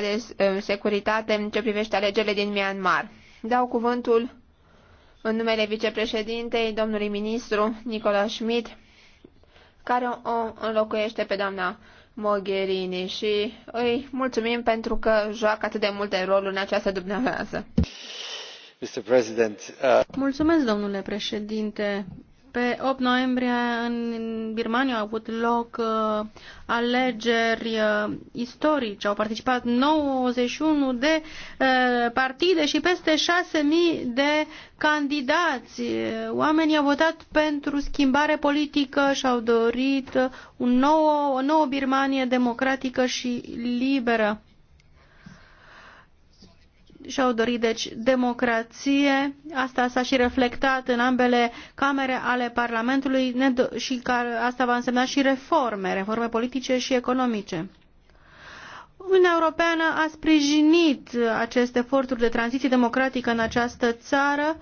de securitate în ce privește alegerile din Myanmar. Dau cuvântul în numele vicepreședintei, domnului ministru Nicola Schmidt, care o înlocuiește pe doamna Mogherini și îi mulțumim pentru că joacă atât de multe roluri în această dumneavoastră. Uh, Mulțumesc, domnule președinte. Pe 8 noiembrie în Birmania au avut loc uh, alegeri uh, istorice. Au participat 91 de uh, partide și peste 6.000 de candidați. Uh, oamenii au votat pentru schimbare politică și au dorit un nou, o nouă Birmanie democratică și liberă și-au dorit, deci, democrație. Asta s-a și reflectat în ambele camere ale Parlamentului și asta va însemna și reforme, reforme politice și economice. Uniunea Europeană a sprijinit aceste eforturi de tranziție democratică în această țară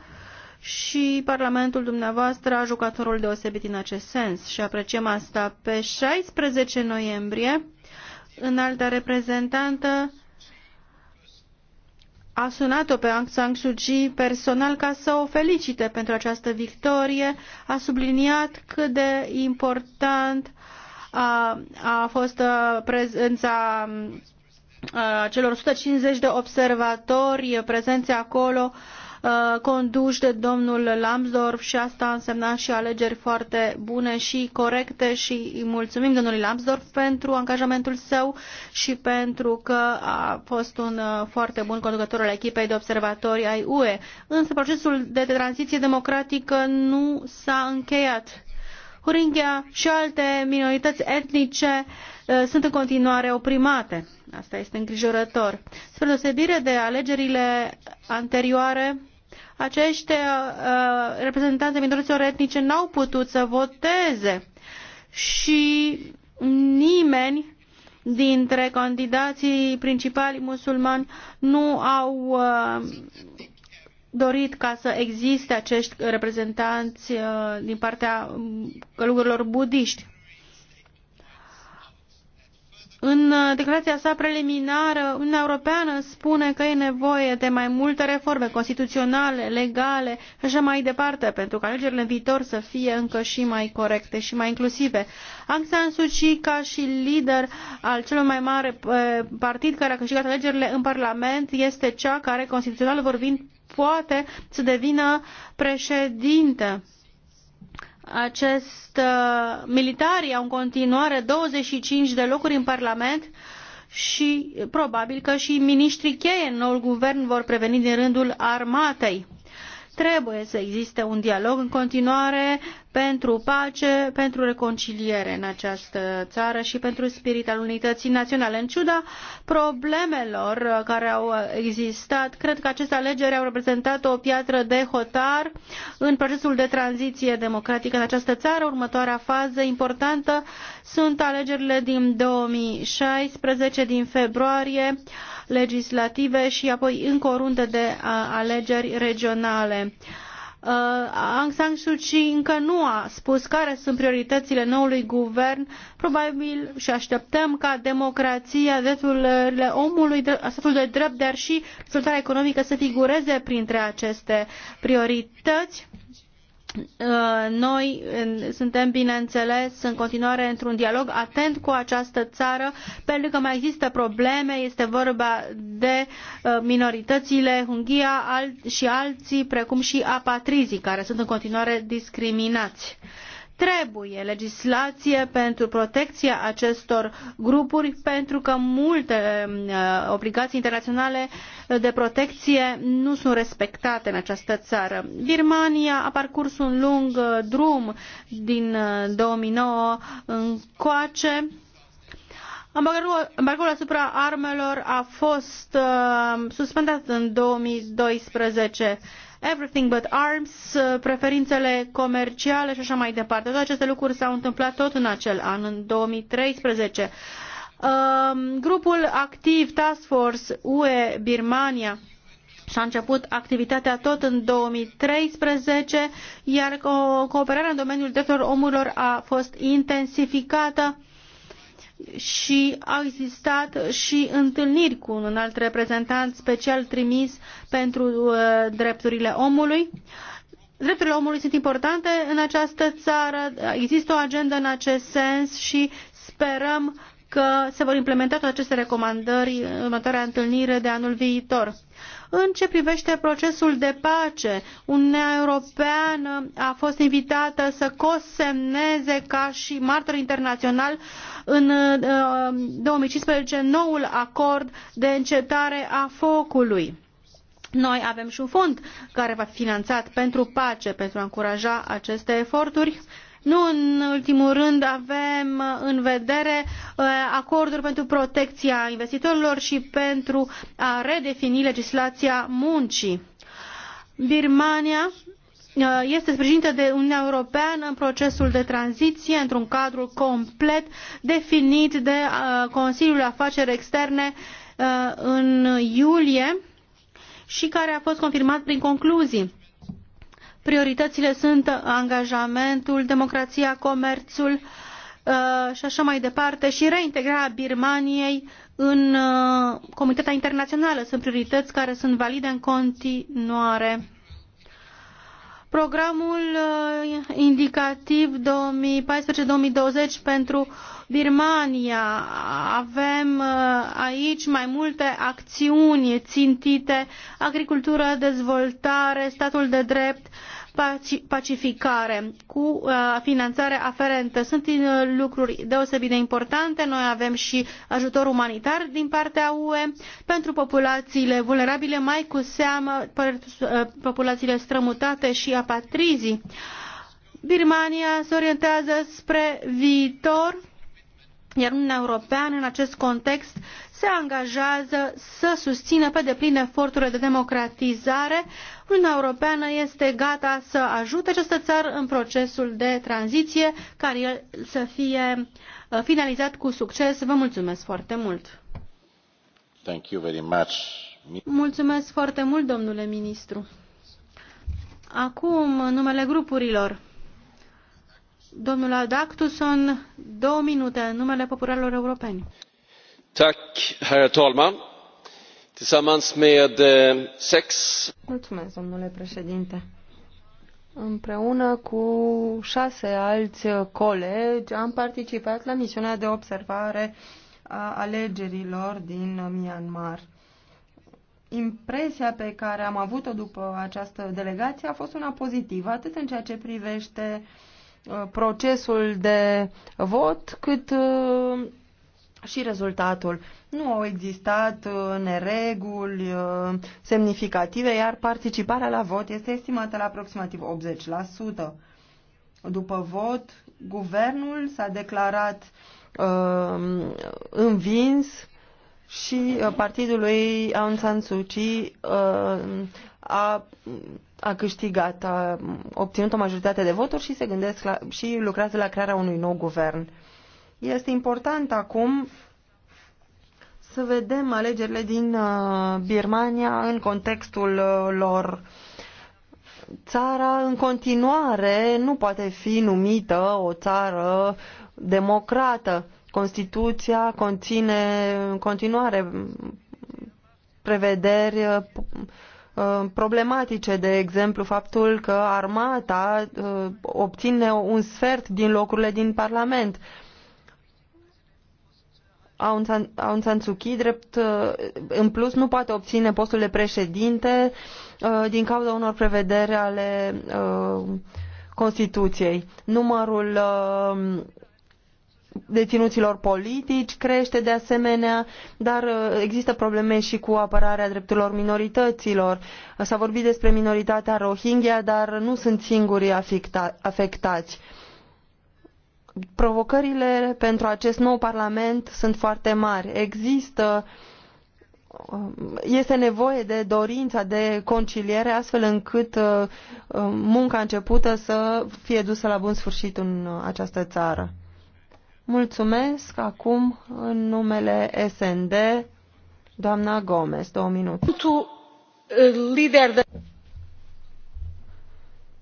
și Parlamentul dumneavoastră a jucat un rol deosebit în acest sens și apreciem asta. Pe 16 noiembrie, În alta reprezentantă a sunat-o pe Aung San Suu Kyi personal ca să o felicite pentru această victorie, a subliniat cât de important a, a fost uh, prezența a, uh, celor 150 de observatori prezenți acolo Uh, conduși de domnul Lambsdorff și asta a însemnat și alegeri foarte bune și corecte și îi mulțumim domnului Lambsdorff pentru angajamentul său și pentru că a fost un uh, foarte bun conducător al echipei de observatori ai UE. Însă procesul de tranziție democratică nu s-a încheiat. Huringhia și alte minorități etnice uh, sunt în continuare oprimate. Asta este îngrijorător. Spre deosebire de alegerile anterioare, acești uh, uh reprezentanți minorităților etnice n-au putut să voteze și nimeni dintre candidații principali musulmani nu au uh, dorit ca să existe acești reprezentanți uh, din partea um, călugărilor budiști. În uh, declarația sa preliminară, Uniunea Europeană spune că e nevoie de mai multe reforme constituționale, legale și așa mai departe, pentru ca alegerile în viitor să fie încă și mai corecte și mai inclusive. Aung San Suu Kyi, ca și lider al celui mai mare uh, partid care a câștigat alegerile în Parlament, este cea care, constituțional vorbind, poate să devină președinte acest uh, militari au în continuare 25 de locuri în Parlament și probabil că și miniștrii cheie în noul guvern vor preveni din rândul armatei. Trebuie să existe un dialog în continuare pentru pace, pentru reconciliere în această țară și pentru spirit al unității naționale. În ciuda problemelor care au existat, cred că aceste alegeri au reprezentat o piatră de hotar în procesul de tranziție democratică în această țară. Următoarea fază importantă sunt alegerile din 2016, din februarie legislative și apoi încă o rundă de alegeri regionale. Uh, Aung San Suu Kyi încă nu a spus care sunt prioritățile noului guvern. Probabil și așteptăm ca democrația, drepturile omului, statul de drept, dar și dezvoltarea economică să figureze printre aceste priorități Uh, noi suntem, bineînțeles, în continuare într-un dialog atent cu această țară, pentru că mai există probleme, este vorba de uh, minoritățile Hungia și alții, precum și apatrizii, care sunt în continuare discriminați. Uh, Trebuie legislație pentru protecția acestor grupuri, pentru că multe uh, obligații internaționale de protecție nu sunt respectate în această țară. Birmania a parcurs un lung uh, drum din 2009 uh, încoace. Embargoul asupra armelor a fost suspendat în 2012 everything but arms, preferințele comerciale și așa mai departe. Toate aceste lucruri s-au întâmplat tot în acel an, în 2013. Um, grupul activ Task Force UE Birmania și-a început activitatea tot în 2013, iar cooperarea în domeniul drepturilor omurilor a fost intensificată și au existat și întâlniri cu un alt reprezentant special trimis pentru uh, drepturile omului. Drepturile omului sunt importante în această țară, există o agendă în acest sens și sperăm că se vor implementa toate aceste recomandări în următoarea întâlnire de anul viitor. În ce privește procesul de pace, Uniunea Europeană a fost invitată să cosemneze ca și martor internațional uh, în 2015, uh, um, noul acord de încetare a focului. Noi avem și un fond care va fi finanțat pentru pace, pentru a încuraja aceste eforturi. Nu în ultimul rând avem în vedere uh, acorduri pentru protecția investitorilor și pentru a redefini legislația muncii. Birmania Uh, este sprijinită de Uniunea Europeană în procesul de tranziție într-un cadru complet definit de uh, Consiliul Afaceri Externe uh, în iulie și care a fost confirmat prin concluzii. Prioritățile sunt angajamentul, democrația, comerțul și așa mai departe și reintegrarea Birmaniei în comunitatea internațională. Sunt priorități care sunt valide în continuare programul uh, indicativ 2014-2020 pentru Birmania. Avem uh, aici mai multe acțiuni țintite, agricultură, dezvoltare, statul de drept, pacificare cu uh, finanțare aferentă. Sunt uh, lucruri deosebit de importante. Noi avem și ajutor umanitar din partea UE pentru populațiile vulnerabile, mai cu seamă uh, populațiile strămutate și apatrizii. Birmania se orientează spre viitor, iar Uniunea Europeană în acest context se angajează să susțină pe deplin eforturile de democratizare. Uniunea Europeană este gata să ajute această țară în procesul de tranziție care să fie uh, finalizat cu succes. Vă mulțumesc foarte mult! Thank you very much. Mulțumesc foarte mult, domnule ministru. Acum, numele grupurilor. Domnul Adactuson, două minute, în numele popularilor europeni. Eh, mulțumesc domnule președinte. Împreună cu șase alți colegi am participat la misiunea de observare a alegerilor din Myanmar. Impresia pe care am avut-o după această delegație a fost una pozitivă, atât în ceea ce privește eh, procesul de vot, cât eh, și rezultatul. Nu au existat uh, nereguli uh, semnificative, iar participarea la vot este estimată la aproximativ 80%. După vot, guvernul s-a declarat uh, învins și uh, partidul lui Aung San Suu Kyi uh, a, a câștigat, a obținut o majoritate de voturi și se gândesc la, și lucrează la crearea unui nou guvern. Este important acum să vedem alegerile din uh, Birmania în contextul uh, lor. Țara în continuare nu poate fi numită o țară democrată. Constituția conține în continuare prevederi uh, problematice, de exemplu faptul că armata obține un sfert din locurile din Parlament. Aung San, Suu Kyi, drept uh, în plus, nu poate obține postul de președinte uh, din cauza unor prevederi ale uh, Constituției. Numărul deținuților politici crește de asemenea, dar există probleme și cu apărarea drepturilor minorităților. S-a vorbit despre minoritatea Rohingya, dar nu sunt singurii afectați provocările pentru acest nou parlament sunt foarte mari. Există um, este nevoie de dorința de conciliere astfel încât uh, um, munca începută să fie dusă la bun sfârșit în această țară. Mulțumesc. Acum, în numele SND, doamna Gomez, două minute. Uh, lider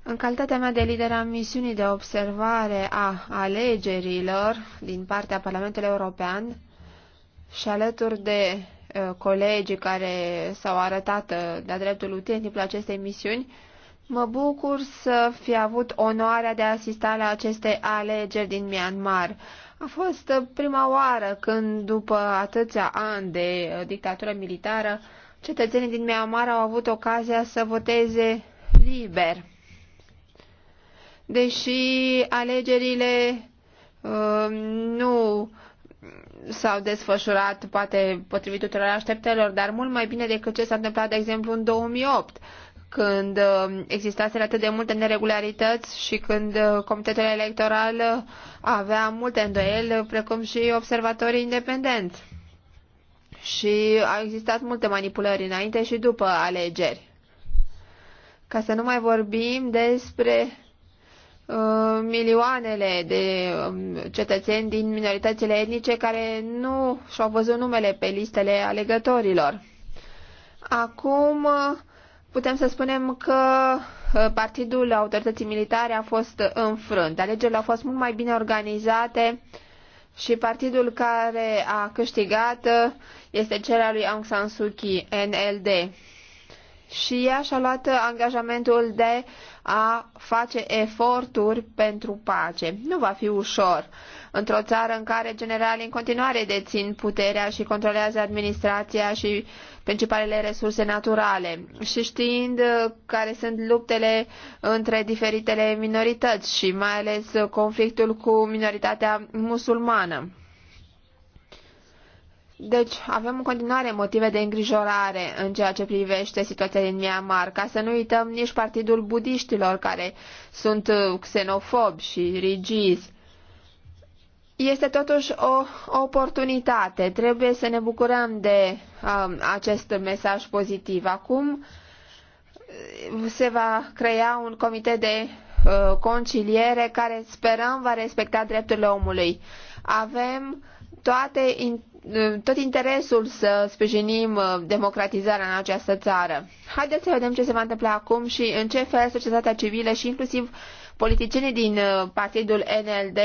în calitatea mea de lider a misiunii de observare a alegerilor din partea Parlamentului European și alături de uh, colegii care s-au arătat uh, de-a dreptul util în aceste acestei misiuni, mă bucur să fi avut onoarea de a asista la aceste alegeri din Myanmar. A fost uh, prima oară când, după atâția ani de dictatură militară, cetățenii din Myanmar au avut ocazia să voteze liber deși alegerile uh, nu s-au desfășurat, poate potrivit tuturor așteptelor, dar mult mai bine decât ce s-a întâmplat, de exemplu, în 2008, când um, existase atât de multe neregularități și când uh, Comitetul Electoral uh, avea multe îndoieli, uh, precum și observatorii independenți. Și au existat multe manipulări înainte și după alegeri. Ca să nu mai vorbim despre Uh, milioanele de um, cetățeni din minoritățile etnice care nu și-au văzut numele pe listele alegătorilor. Acum uh, putem să spunem că uh, Partidul Autorității Militare a fost înfrânt. Alegerile au fost mult mai bine organizate și partidul care a câștigat este cel al lui Aung San Suu Kyi, NLD și ea și-a luat angajamentul de a face eforturi pentru pace. Nu va fi ușor. Într-o țară în care generalii în continuare dețin puterea și controlează administrația și principalele resurse naturale și știind care sunt luptele între diferitele minorități și mai ales conflictul cu minoritatea musulmană. Deci avem în continuare motive de îngrijorare în ceea ce privește situația din Myanmar, ca să nu uităm nici Partidul Budiștilor, care sunt uh, xenofobi și rigizi. Este totuși o oportunitate. Trebuie să ne bucurăm de um, acest mesaj pozitiv. Acum uh, se va crea un comitet de uh, conciliere care sperăm va respecta drepturile omului. Avem toate in tot interesul să sprijinim uh, democratizarea în această țară. Haideți să vedem ce se va întâmpla acum și în ce fel societatea civilă și inclusiv politicienii din uh, partidul NLD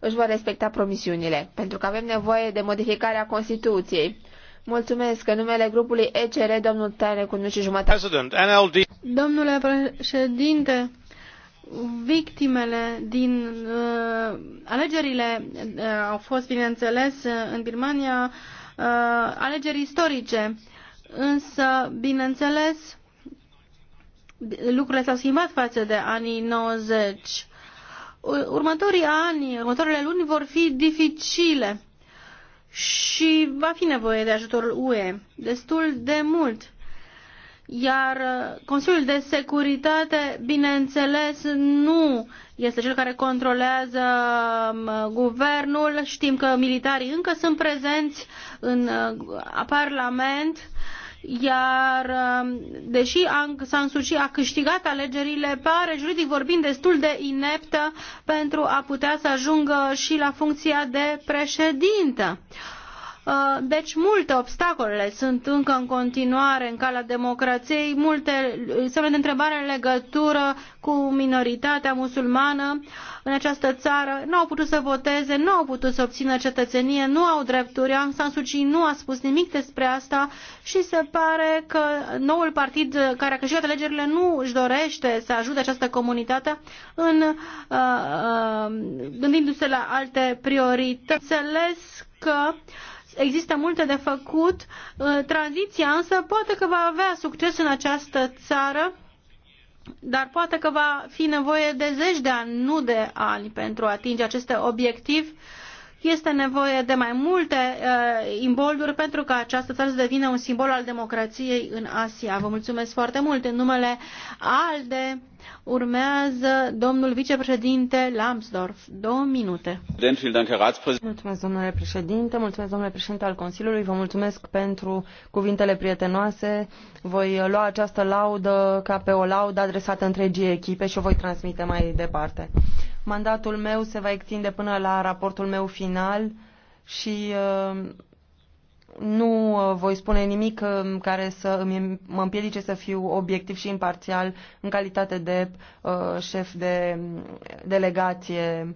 își vor respecta promisiunile, pentru că avem nevoie de modificarea Constituției. Mulțumesc. În numele grupului ECR, domnul Tare, cu și jumătate. Domnule președinte, Victimele din uh, alegerile uh, au fost, bineînțeles, uh, în Birmania uh, alegeri istorice, însă, bineînțeles, lucrurile s-au schimbat față de anii 90. Următorii ani, următoarele luni vor fi dificile și va fi nevoie de ajutorul UE destul de mult. Iar uh, Consiliul de Securitate, bineînțeles, nu este cel care controlează um, guvernul. Știm că militarii încă sunt prezenți în uh, Parlament, iar um, deși Aung San Suu Kyi a câștigat alegerile, pare juridic vorbind destul de ineptă pentru a putea să ajungă și la funcția de președintă. Uh, deci multe obstacole sunt încă în continuare în calea democrației, multe semne de întrebare în legătură cu minoritatea musulmană în această țară. Nu au putut să voteze, nu au putut să obțină cetățenie, nu au drepturi. Aung San Suu Kyi nu a spus nimic despre asta și se pare că noul partid care a câștigat alegerile nu își dorește să ajute această comunitate în uh, uh, gândindu-se la alte priorități. Înțeles că există multe de făcut. Uh, tranziția însă poate că va avea succes în această țară, dar poate că va fi nevoie de zeci de ani, nu de ani, pentru a atinge acest obiectiv. Este nevoie de mai multe uh, imbolduri pentru ca această țară să devină un simbol al democrației în Asia. Vă mulțumesc foarte mult. În numele ALDE urmează domnul vicepreședinte Lambsdorff. Două minute. Mulțumesc, domnule președinte, mulțumesc, domnule președinte al Consiliului, vă mulțumesc pentru cuvintele prietenoase. Voi lua această laudă ca pe o laudă adresată întregii echipe și o voi transmite mai departe. Mandatul meu se va extinde până la raportul meu final și uh, nu uh, voi spune nimic uh, care să mă împiedice să fiu obiectiv și imparțial în calitate de șef de mm, delegație.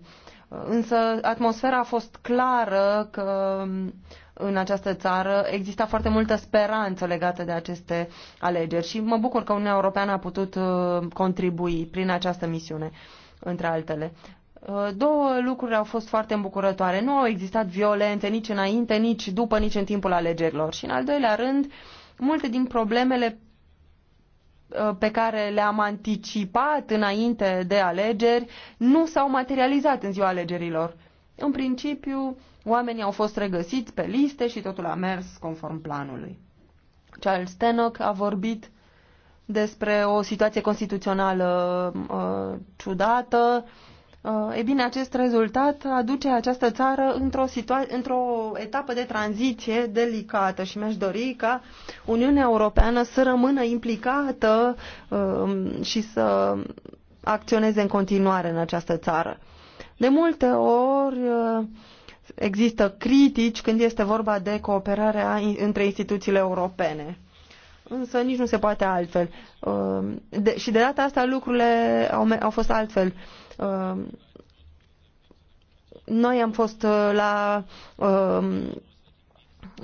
Însă atmosfera a fost clară că mm, în această țară exista foarte multă speranță legată de aceste alegeri și mă bucur că Uniunea Europeană a putut contribui prin această misiune între altele. Uh, două lucruri au fost foarte îmbucurătoare. Nu au existat violențe nici înainte, nici după, nici în timpul alegerilor. Și în al doilea rând, multe din problemele uh, pe care le-am anticipat înainte de alegeri nu s-au materializat în ziua alegerilor. În principiu, oamenii au fost regăsiți pe liste și totul a mers conform planului. Charles Stenock a vorbit despre o situație constituțională uh, ciudată. Uh, e bine, acest rezultat aduce această țară într-o, situa- într-o etapă de tranziție delicată și mi-aș dori ca Uniunea Europeană să rămână implicată uh, și să acționeze în continuare în această țară. De multe ori uh, există critici când este vorba de cooperarea între instituțiile europene însă nici nu se poate altfel. Uh, de, și de data asta lucrurile au, au fost altfel. Uh, noi am fost uh, la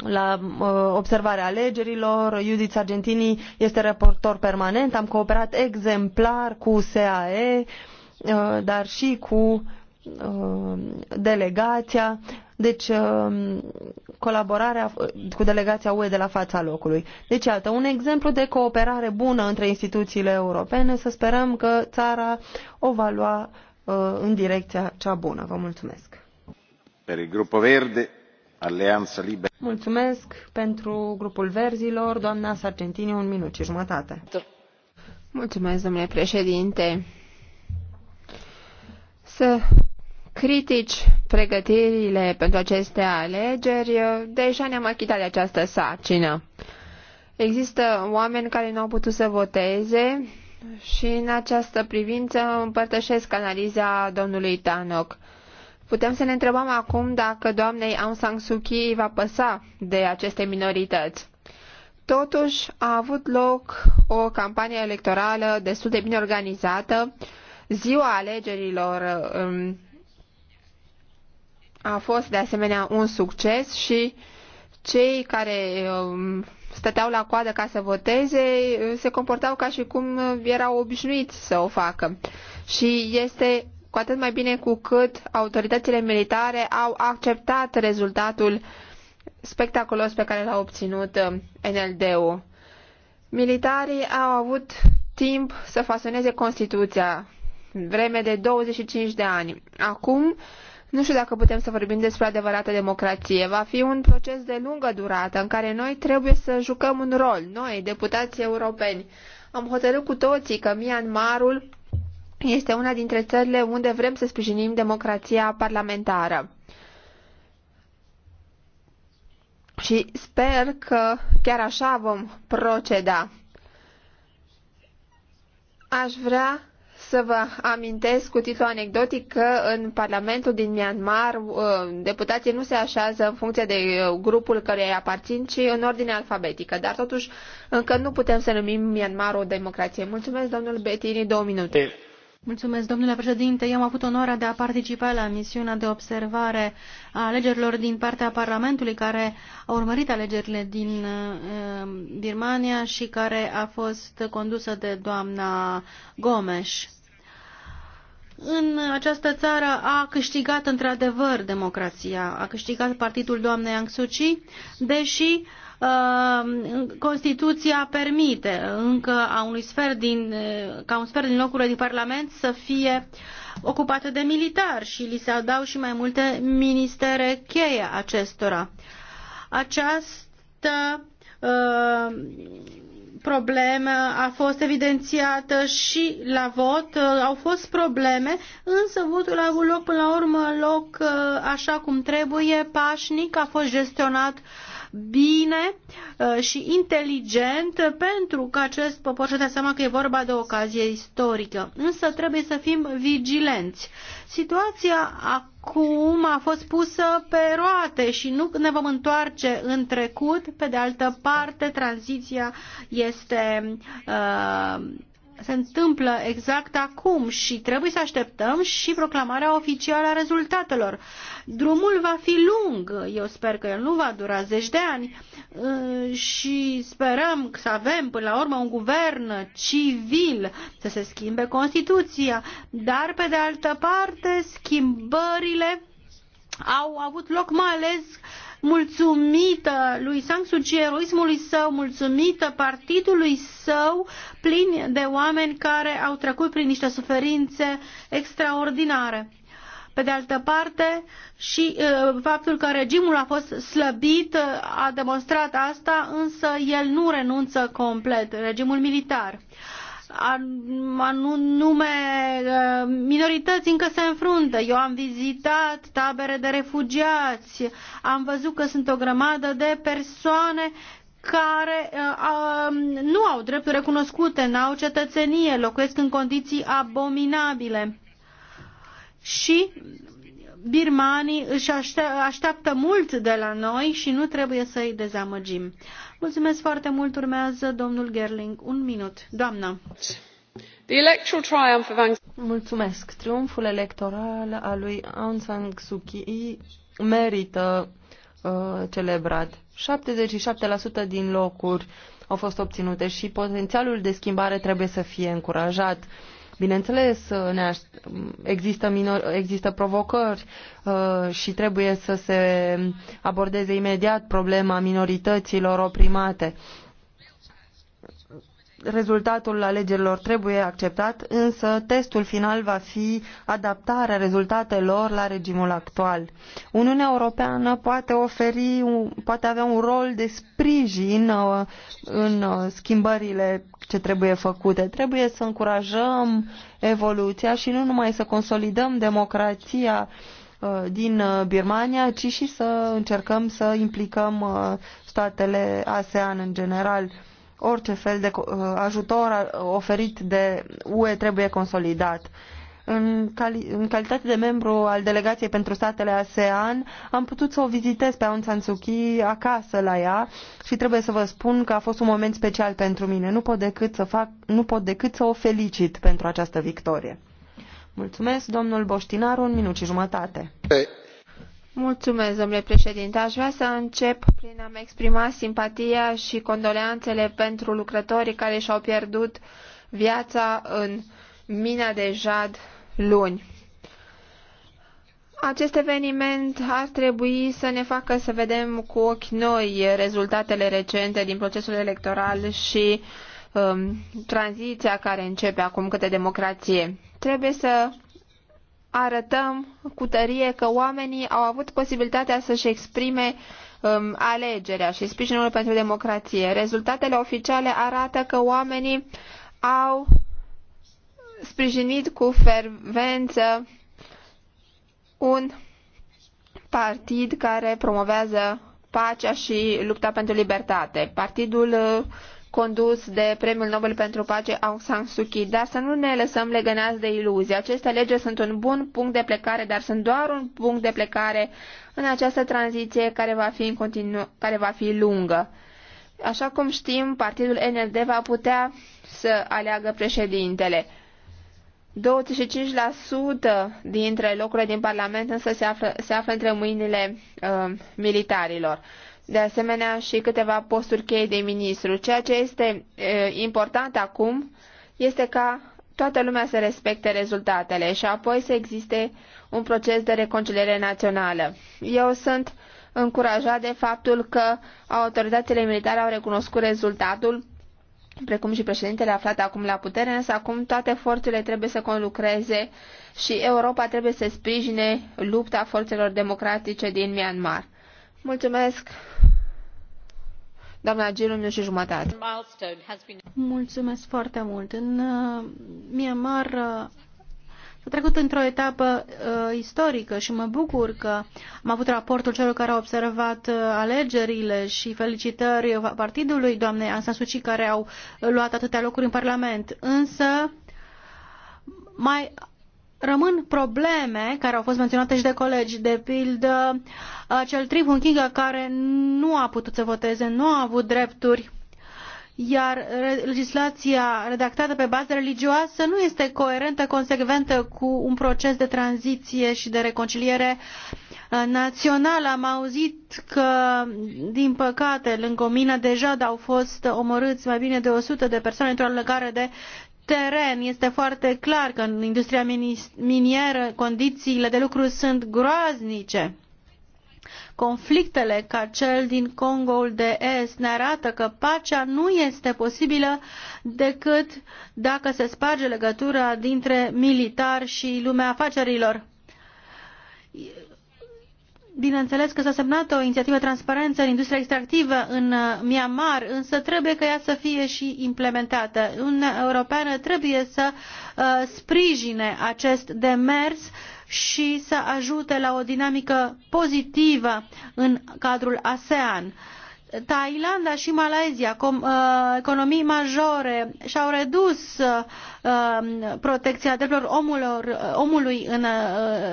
la observarea alegerilor, Judith Argentini este raportor permanent, am cooperat exemplar cu SAE, dar și cu delegația. Deci, um, colaborarea cu delegația UE de la fața locului. Deci, iată, un exemplu de cooperare bună între instituțiile europene. Să sperăm că țara o va lua uh, în direcția cea bună. Vă mulțumesc. Per il gruppo verde, Alleanza Libera. Mulțumesc pentru grupul verzilor. Doamna Sargentini, un minut și jumătate. Mulțumesc, domnule președinte. Să critici pregătirile pentru aceste alegeri, deja ne-am achitat de această sarcină. Există oameni care nu au putut să voteze și în această privință împărtășesc analiza domnului Tanok. Putem să ne întrebăm acum dacă doamnei Aung San Suu Kyi va păsa de aceste minorități. Totuși a avut loc o campanie electorală destul de bine organizată. Ziua alegerilor um, a fost de asemenea un succes și cei care um, stăteau la coadă ca să voteze uh, se comportau ca și cum uh, erau obișnuiți să o facă. Și este cu atât mai bine cu cât autoritățile militare au acceptat rezultatul spectaculos pe care l-a obținut uh, NLD-ul. Militarii au avut timp să fasoneze Constituția, vreme de 25 de ani. Acum nu știu dacă putem să vorbim despre adevărată democrație. Va fi un proces de lungă durată în care noi trebuie să jucăm un rol, noi, deputații europeni. Am hotărât cu toții că Myanmarul este una dintre țările unde vrem să sprijinim democrația parlamentară. Și sper că chiar așa vom proceda. Aș vrea să vă amintesc cu titlu anecdotic că în Parlamentul din Myanmar uh, deputații nu se așează în funcție de uh, grupul căruia îi aparțin, ci în ordine alfabetică. Dar totuși încă nu putem să numim Myanmar o democrație. Mulțumesc, domnul Betini, două minute. Mulțumesc, domnule președinte. Eu am avut onoarea de a participa la misiunea de observare a alegerilor din partea Parlamentului care a urmărit alegerile din Birmania uh, și care a fost condusă de doamna Gomes. În această țară a câștigat într-adevăr democrația, a câștigat partidul doamnei Aung Suu Kyi, deși uh, Ehm, Constituția permite încă a unui sfert din, eh, ca un sfert din locurile din Parlament să fie ocupate de militari și li se adau și mai multe ministere cheie acestora. Această uh, problemă a fost evidențiată și la vot, eh, au fost probleme, însă votul a avut loc până la urmă loc eh, așa cum trebuie, pașnic, a fost gestionat uh, bine uh, și inteligent pentru că acest popor și-a seama că e vorba de o ocazie istorică. Însă trebuie să fim vigilenți. Situația acum a fost pusă pe roate și nu ne vom întoarce în trecut. Pe de altă parte, tranziția este uh, se întâmplă exact acum și trebuie să așteptăm și proclamarea oficială a rezultatelor. Drumul va fi lung, eu sper că el nu va dura zeci de ani și sperăm să avem până la urmă un guvern civil să se schimbe Constituția, dar pe de altă parte schimbările au avut loc mai ales mulțumită lui Sang Suu Kyi, eroismului său, mulțumită partidului său, plin de oameni care au trecut prin niște suferințe extraordinare. Pe de altă parte, și uh, faptul că regimul a fost slăbit uh, a demonstrat asta, însă el nu renunță complet, regimul militar. Uh, anume uh, minorități încă se înfruntă. Eu am vizitat tabere de refugiați, am văzut că sunt o grămadă de persoane care uh, um, nu au drepturi recunoscute, nu au cetățenie, locuiesc în condiții abominabile. Și birmanii își așteaptă mult de la noi și nu trebuie să îi dezamăgim. Mulțumesc foarte mult. Urmează domnul Gerling. Un minut. Doamna. The electoral triumph of Aung... Mulțumesc. Triumful electoral al lui Aung San Suu Kyi merită uh, celebrat. 77% din locuri au fost obținute și potențialul de schimbare trebuie să fie încurajat. Uh, Bineînțeles, ne aș- există, minor- există provocări uh, și trebuie să se abordeze imediat problema minorităților oprimate. Uh, rezultatul alegerilor trebuie acceptat, însă testul final va fi adaptarea rezultatelor la regimul actual. Uniunea Europeană poate oferi, poate avea un rol de sprijin uh, în uh, schimbările ce trebuie făcute. Trebuie să încurajăm evoluția și nu numai să consolidăm democrația uh, din Birmania, ci și să încercăm să implicăm statele ASEAN în general orice fel de uh, ajutor uh, oferit de UE trebuie consolidat. În, cali în calitate de membru al delegației pentru statele ASEAN, am putut să o vizitez pe Aung San Suu Kyi acasă la ea și trebuie să vă spun că a fost un moment special pentru mine. Nu pot decât să, fac, nu pot decât să o felicit pentru această victorie. Mulțumesc, domnul Boștinaru, un minut și jumătate. Hey. Mulțumesc, domnule președinte. Aș vrea să încep prin a-mi exprima simpatia și condoleanțele pentru lucrătorii care și-au pierdut viața în mina de jad luni. Acest eveniment ar trebui să ne facă să vedem cu ochi noi rezultatele recente din procesul electoral și um, tranziția care începe acum către democrație. Trebuie să arătăm cu tărie că oamenii au avut posibilitatea să-și exprime um, alegerea și sprijinul pentru democrație. Rezultatele oficiale arată că oamenii au sprijinit cu fervență un partid care promovează pacea și lupta pentru libertate. Partidul uh, condus de Premiul Nobel pentru Pace Aung San Suu Kyi, dar să nu ne lăsăm legănați de iluzii. Aceste lege sunt un bun punct de plecare, dar sunt doar un punct de plecare în această tranziție care va fi, în continu- care va fi lungă. Așa cum știm, partidul NLD va putea să aleagă președintele. 25% dintre locurile din Parlament însă se află, se află între mâinile uh, militarilor de asemenea și câteva posturi cheie de ministru. Ceea ce este important acum este ca toată lumea să respecte rezultatele și apoi să existe un proces de reconciliere națională. Eu sunt încurajat de faptul că autoritățile militare au recunoscut rezultatul, precum și președintele aflat acum la putere, însă acum toate forțele trebuie să conlucreze și Europa trebuie să sprijine lupta forțelor democratice din Myanmar. Mulțumesc. Doamna Gilu, minut și jumătate. Mulțumesc foarte mult. În uh, Myanmar uh, S-a trecut într-o etapă uh, istorică și mă bucur că am avut raportul celor care au observat uh, alegerile și felicitări partidului doamnei Aung San care au luat atâtea locuri în Parlament. Însă mai rămân probleme care au fost menționate și de colegi, de pildă acel tribun Kinga care nu a putut să voteze, nu a avut drepturi, iar legislația redactată pe bază religioasă nu este coerentă, consecventă cu un proces de tranziție și de reconciliere uh, națională. Am auzit că, din păcate, lângă mine deja au fost omorâți mai bine de 100 de persoane într-o legare de teren este foarte clar că în industria minieră condițiile de lucru sunt groaznice. Conflictele ca cel din Congoul de Est ne arată că pacea nu este posibilă decât dacă se sparge legătura dintre militari și lumea afacerilor Bineînțeles că s-a semnat o inițiativă transparență în industria extractivă în uh, Myanmar, însă trebuie ca ea să fie și implementată. Uniunea Europeană trebuie să uh, sprijine acest demers și să ajute la o dinamică pozitivă în cadrul ASEAN. Thailanda și Malaysia, com, uh, economii majore, și-au redus uh, Um, protecția drepturilor omului în uh,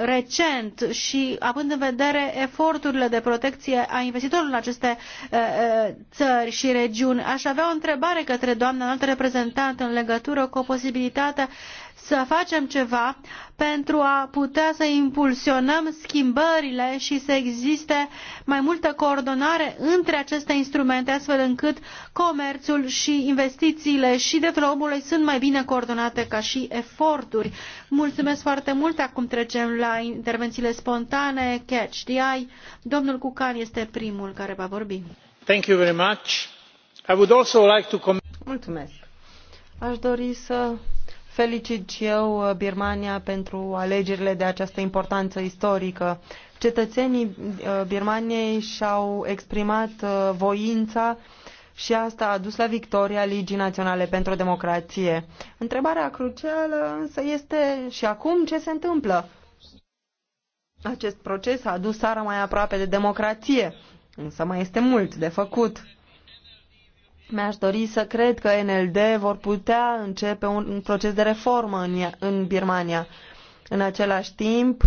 recent și având în vedere eforturile de protecție a investitorilor în aceste uh, uh, țări și regiuni, aș avea o întrebare către doamna înaltă reprezentant în legătură cu o posibilitate să facem ceva pentru a putea să impulsionăm schimbările și să existe mai multă coordonare între aceste instrumente, astfel încât comerțul și investițiile și drepturile omului sunt mai bine coordonate ca și eforturi. Mulțumesc foarte mult. Acum trecem la intervențiile spontane. Catch the eye. Domnul Cucan este primul care va vorbi. Thank you very much. I would also like to Mulțumesc. Aș dori să felicit și eu uh, Birmania pentru alegerile de această importanță istorică. Cetățenii uh, Birmaniei și-au exprimat uh, voința și asta a dus la victoria Ligii Naționale pentru Democrație. Întrebarea crucială însă este și acum ce se întâmplă? Acest proces a adus țara mai aproape de democrație, însă mai este mult de făcut. Mi-aș dori să cred că NLD vor putea începe un proces de reformă în, în Birmania. În același timp,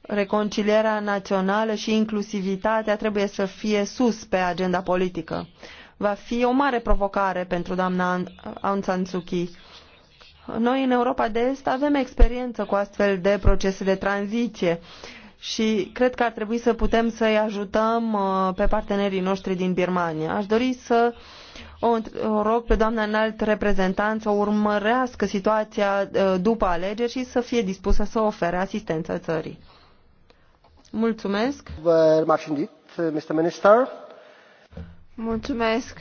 reconcilierea națională și inclusivitatea trebuie să fie sus pe agenda politică va fi o mare provocare pentru doamna Aung San Suu Kyi. Noi în Europa de Est avem experiență cu astfel de procese de tranziție și cred că ar trebui să putem să-i ajutăm uh, pe partenerii noștri din Birmania. Aș dori să o rog pe doamna înalt reprezentant să urmărească situația uh, după alegeri și să fie dispusă să ofere asistență țării. Mulțumesc. Vă Mulțumesc,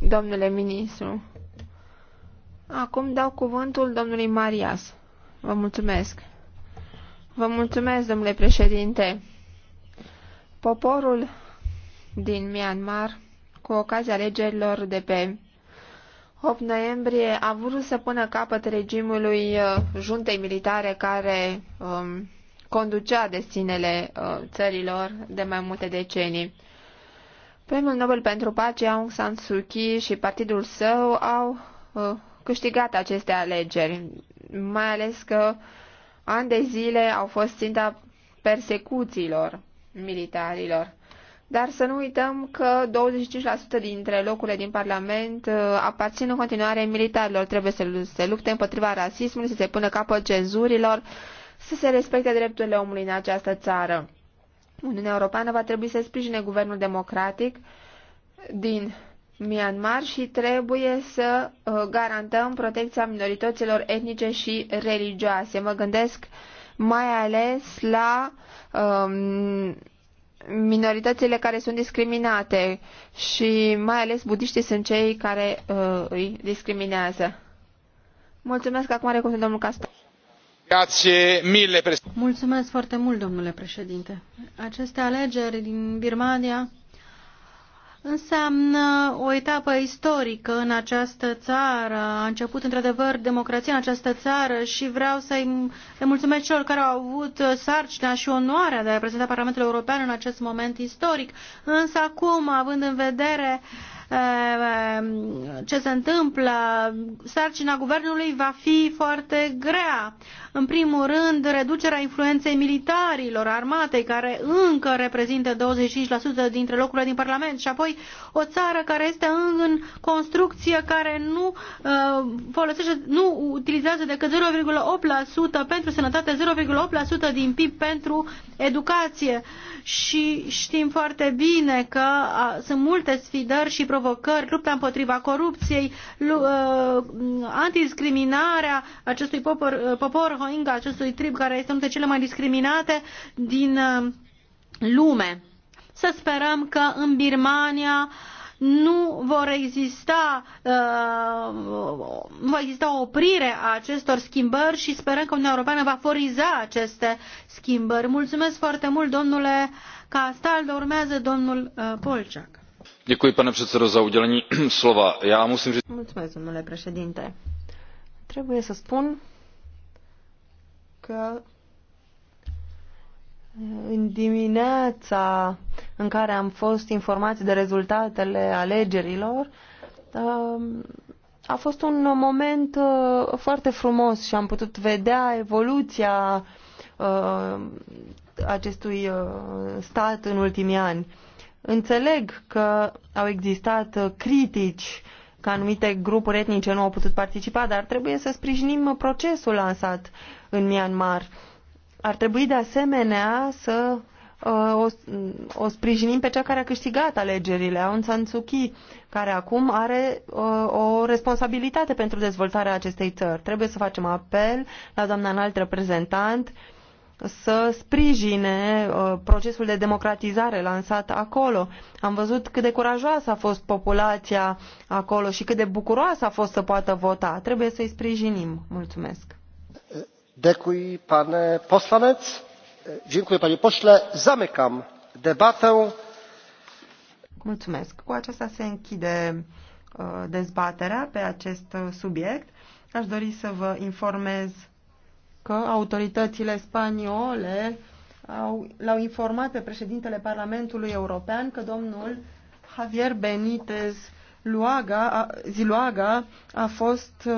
domnule ministru. Acum dau cuvântul domnului Marias. Vă mulțumesc. Vă mulțumesc, domnule președinte. Poporul din Myanmar, cu ocazia alegerilor de pe 8 noiembrie, a vrut să pună capăt regimului uh, juntei militare care um, conducea destinele uh, țărilor de mai multe decenii. Premiul Nobel pentru Pace Aung San Suu Kyi și partidul său au uh, câștigat aceste alegeri, mai ales că ani de zile au fost ținta persecuțiilor militarilor. Dar să nu uităm că 25% dintre locurile din Parlament uh, aparțin în continuare militarilor. Trebuie să se lupte împotriva rasismului, să se pună capăt cenzurilor, să se respecte drepturile omului în această țară. Uniunea Europeană va trebui să sprijine guvernul democratic din Myanmar și trebuie să uh, garantăm protecția minorităților etnice și religioase. Mă gândesc mai ales la um, minoritățile care sunt discriminate și mai ales budiștii sunt cei care uh, îi discriminează. Mulțumesc, acum are domnul Castor. Mulțumesc foarte mult, domnule președinte. Aceste alegeri din Birmania înseamnă o etapă istorică în această țară. A început într-adevăr democrația în această țară și vreau să-i mulțumesc celor care au avut sarcina și onoarea de a reprezenta Parlamentul European în acest moment istoric. Însă acum, având în vedere uh, Eh, ce se întâmplă, sarcina guvernului va fi foarte grea. În primul rând, reducerea influenței militarilor, armatei, care încă reprezintă 25% dintre locurile din Parlament și apoi o țară care este în construcție, care nu uh, folosește, nu utilizează decât 0,8% pentru sănătate, 0,8% din PIB pentru educație. Și știm foarte bine că sunt multe sfidări și provocări, lupta împotriva corupției, uh, antidiscriminarea acestui popor, uh, popor Hoinga, acestui trib care este unul dintre cele mai discriminate din lume. Să sperăm că în Birmania nu vor exista, uh, va exista o oprire a acestor schimbări și sperăm că Uniunea Europeană va foriza aceste schimbări. Mulțumesc foarte mult, domnule Castaldo. Urmează domnul uh, Polciac. pane předsedo za udělení slova. Já musím říct... Mulțumesc, domnule președinte. Trebuie să spun că uh, în dimineața în care am fost informați de rezultatele alegerilor, um, a fost un moment uh, foarte frumos și am putut vedea evoluția uh, acestui uh, stat în ultimii ani. Înțeleg că au existat critici că anumite grupuri etnice nu au putut participa, dar trebuie să sprijinim procesul lansat în Myanmar. Ar trebui de asemenea să Uh, o, o sprijinim pe cea care a câștigat alegerile, Aung San Suu Kyi, care acum are o, uh, o responsabilitate pentru dezvoltarea acestei țări. Trebuie să facem apel la doamna înalt reprezentant să sprijine uh, procesul de democratizare lansat acolo. Am văzut cât de curajoasă a fost populația acolo și cât de bucuroasă a fost să poată vota. Trebuie să-i sprijinim. Mulțumesc. Decui, pane poslaneți panie mulțumesc. cu aceasta se închide uh, dezbaterea pe acest uh, subiect. aș dori să vă informez că autoritățile spaniole l-au informat pe președintele Parlamentului European că domnul Javier Benitez Luaga, Ziluaga a fost uh,